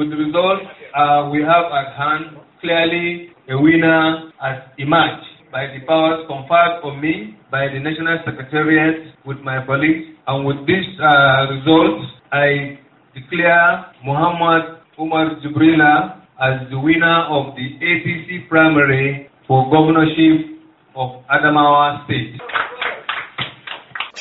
With the result uh, we have at hand, clearly a winner has emerged by the powers conferred on me by the National Secretariat with my colleagues. And with this uh, I declare Muhammad Umar Jibrila as the winner of the APC primary for governorship of Adamawa State.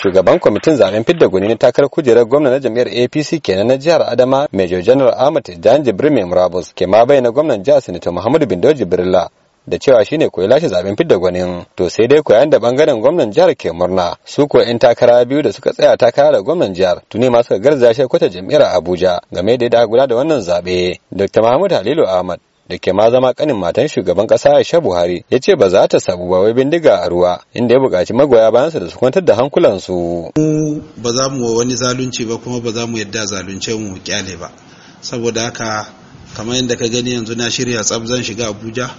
shugaban kwamitin zaben fidda gwani na takarar kujerar gwamna na jam'iyyar apc kenan na jihar adama major general ahmad Jan jibril mai murabus ke ma bayyana gwamnan jihar sinita muhammadu bindo jibrila da cewa shine koyi lashe zaben fidda gwanin to sai dai koyan da bangaren gwamnan jihar ke murna su ko yan takara biyu da suka tsaya takara da gwamnan jihar tuni ma suka garzaya kwata jam'iyyar abuja game da yadda guda da wannan zabe dr mahmud halilu ahmad da ke ma zama kanin matan shugaban kasa Aisha Buhari ya ce ba za ta sabu ba wai bindiga a ruwa inda ya buƙaci magoya bayansa da su kwantar da hankulansu. Mu ba za mu wani zalunci ba kuma ba za mu yadda zalunce mu kyale ba saboda haka kamar yadda ka gani yanzu na shirya tsab zan shiga Abuja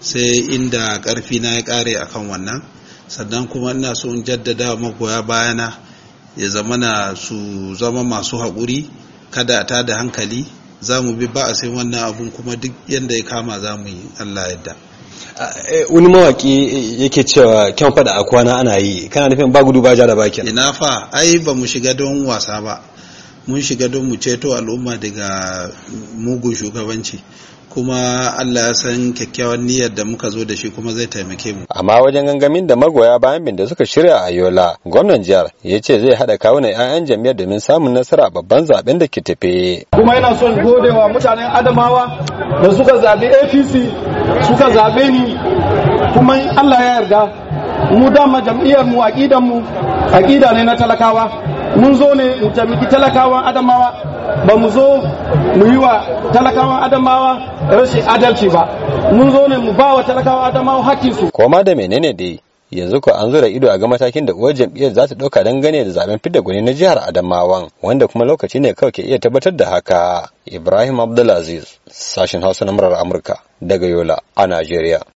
sai inda karfi na ya kare akan wannan sannan kuma ina so in jaddada magoya bayana ya zamana su zama masu haƙuri kada ta da hankali za mu bi ba a sai wannan abun kuma duk yadda ya kama za mu yi allah yadda eh, wani mawaki yake cewa kyan fada a kwana ana yi kana nufin ba gudu ba ja da bakin ina fa ai ba mu shiga don wasa ba mun shiga don mu ceto al'umma daga mugun shugabanci kuma Allah ya san kyakkyawan niyyar da muka zo da shi kuma zai taimake mu. Amma wajen gangamin da magoya bayan bin da suka shirya a Yola, gwamnan jihar ya ce zai haɗa kawuna 'ya'yan jam'iyyar domin samun nasara babban zaben da ke tafe. Kuma yana son godewa mutanen Adamawa da suka zaɓi APC suka zaɓe ni kuma Allah ya yarda mu dama jam'iyyar mu aƙidan mu aƙida ne na talakawa mun zo ne in taimaki talakawan Adamawa ba mu zo mu yi wa talakawan adamawa rashin adalci ba mun zo ne mu ba wa talakawan adamawa hakkinsu koma da menene dai yanzu ko an zura ido a ga matakin da uwar jam'iyyar za ta ɗauka dangane da zaben fidda gwani na jihar adamawa wanda kuma lokaci ne kawai ke iya tabbatar da haka ibrahim abdulaziz sashen hausa na murar amurka daga yola a najeriya